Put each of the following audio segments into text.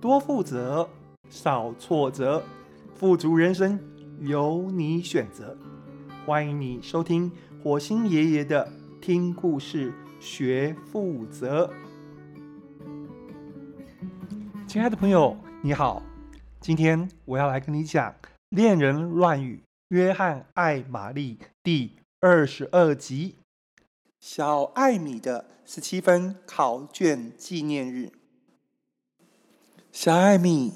多富擇，少錯折，富足人生由你選擇。歡迎你收聽火星爺爺的聽故事學富擇。親愛的朋友，你好，今天我要來跟你講《戀人亂語》約翰愛瑪麗第二十二集，小艾米的十七分考卷紀念日。小艾米，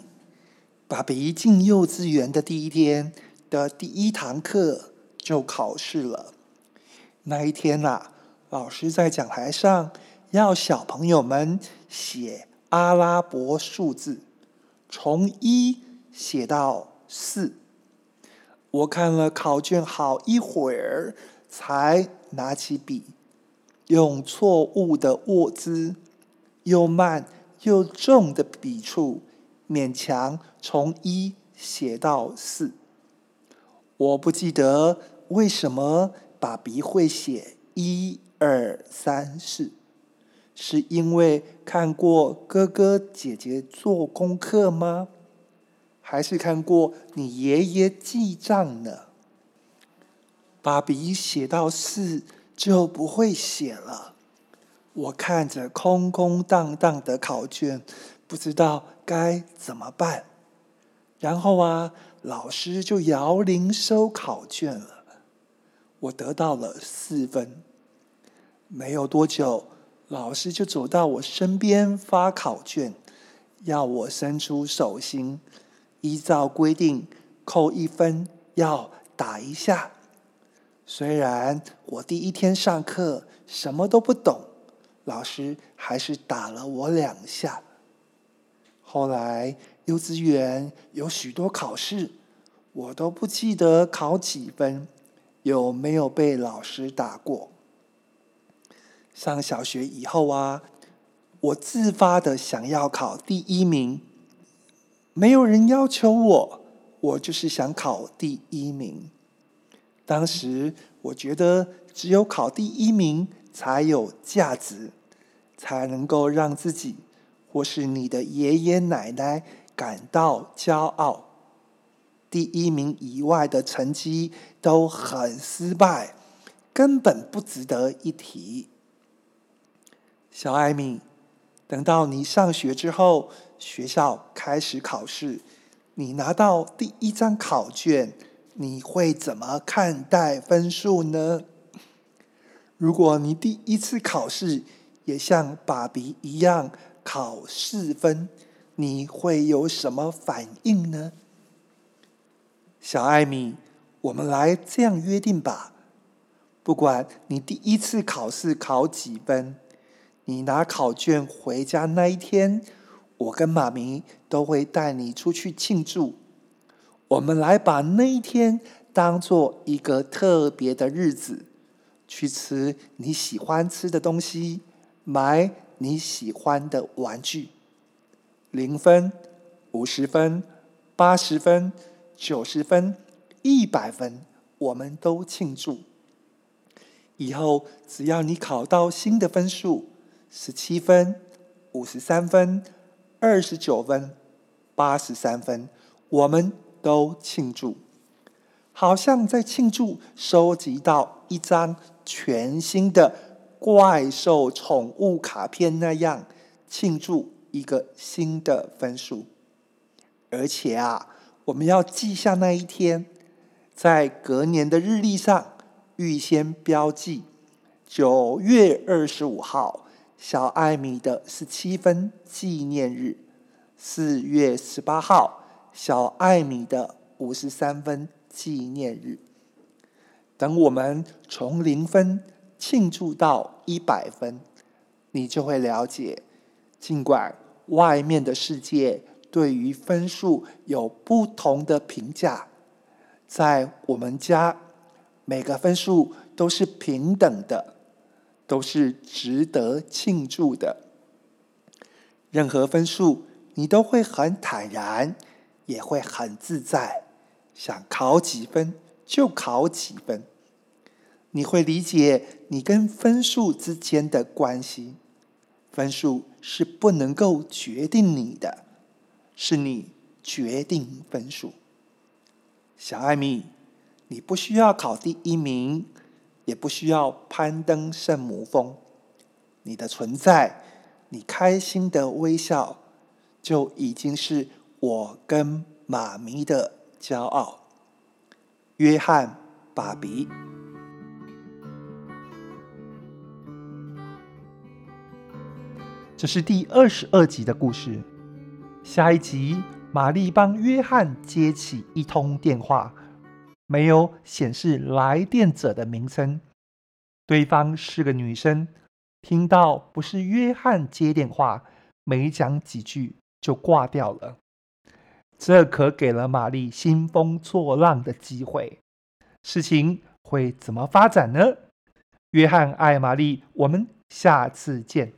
爸比一進幼稚園的第一天的第一堂課就考試了。那一天吶、啊，老師在講臺上要小朋友們寫阿拉伯數字，從一寫到四。我看了考卷好一會兒，才拿起筆，用錯誤的握姿，又慢。又重的筆觸，勉強從一寫到四。我不記得為什麼爸比會寫一二三四，是因為看過哥哥姐姐做功課嗎？還是看過你爺爺記賬呢？爸比寫到四就不會寫了。我看着空空蕩蕩的考卷，不知道該怎麼辦。然後啊，老師就搖鈴收考卷了。我得到了四分。沒有多久，老師就走到我身邊發考卷，要我伸出手心，依照規定扣一分，要打一下。雖然我第一天上課什麼都不懂。老師還是打了我兩下。後來，幼稚園有許多考試，我都不記得考幾分，有沒有被老師打過。上小學以後啊，我自發的想要考第一名，沒有人要求我，我就是想考第一名。當時我覺得，只有考第一名，才有價值，才能夠讓自己或是你的爺爺奶奶感到驕傲。第一名以外的成績都很失敗，根本不值得一提。小艾米，等到你上學之後，學校開始考試，你拿到第一張考卷，你會怎麼看待分數呢？如果你第一次考試也像爸比一樣考四分，你會有什麼反應呢？小艾米，我們來這樣約定吧。不管你第一次考試考幾分，你拿考卷回家那一天，我跟媽咪都會帶你出去慶祝。我們來把那一天當做一個特別的日子。去吃你喜歡吃的東西，買你喜歡的玩具。零分、五十分、八十分、九十分、一百分，我們都慶祝。以後只要你考到新的分數，十七分、五十三分、二十九分、八十三分，我們都慶祝。好像在慶祝收集到一張全新的怪獸寵物卡片那樣，慶祝一個新的分數。而且啊，我們要記下那一天，在隔年的日曆上預先標記九月二十五號小艾米的十七分紀念日，四月十八號小艾米的五十三分。紀念日，等我們從零分慶祝到一百分，你就會了解。儘管外面的世界對於分數有不同的評價，在我們家，每個分數都是平等的，都是值得慶祝的。任何分數，你都會很坦然，也會很自在。想考幾分就考幾分，你會理解你跟分數之間的關係。分數是不能夠決定你的，是你決定分數。小艾米，你不需要考第一名，也不需要攀登聖母峰。你的存在，你開心的微笑，就已經是我跟媽咪的。驕傲，約翰·爸比。這是第二十二集的故事。下一集，瑪麗幫約翰接起一通電話，沒有顯示來電者的名稱。對方是個女生，聽到不是約翰接電話，沒講幾句就掛掉了。這可給了瑪麗興風作浪的機會，事情會怎麼發展呢？約翰愛瑪麗，我們下次見。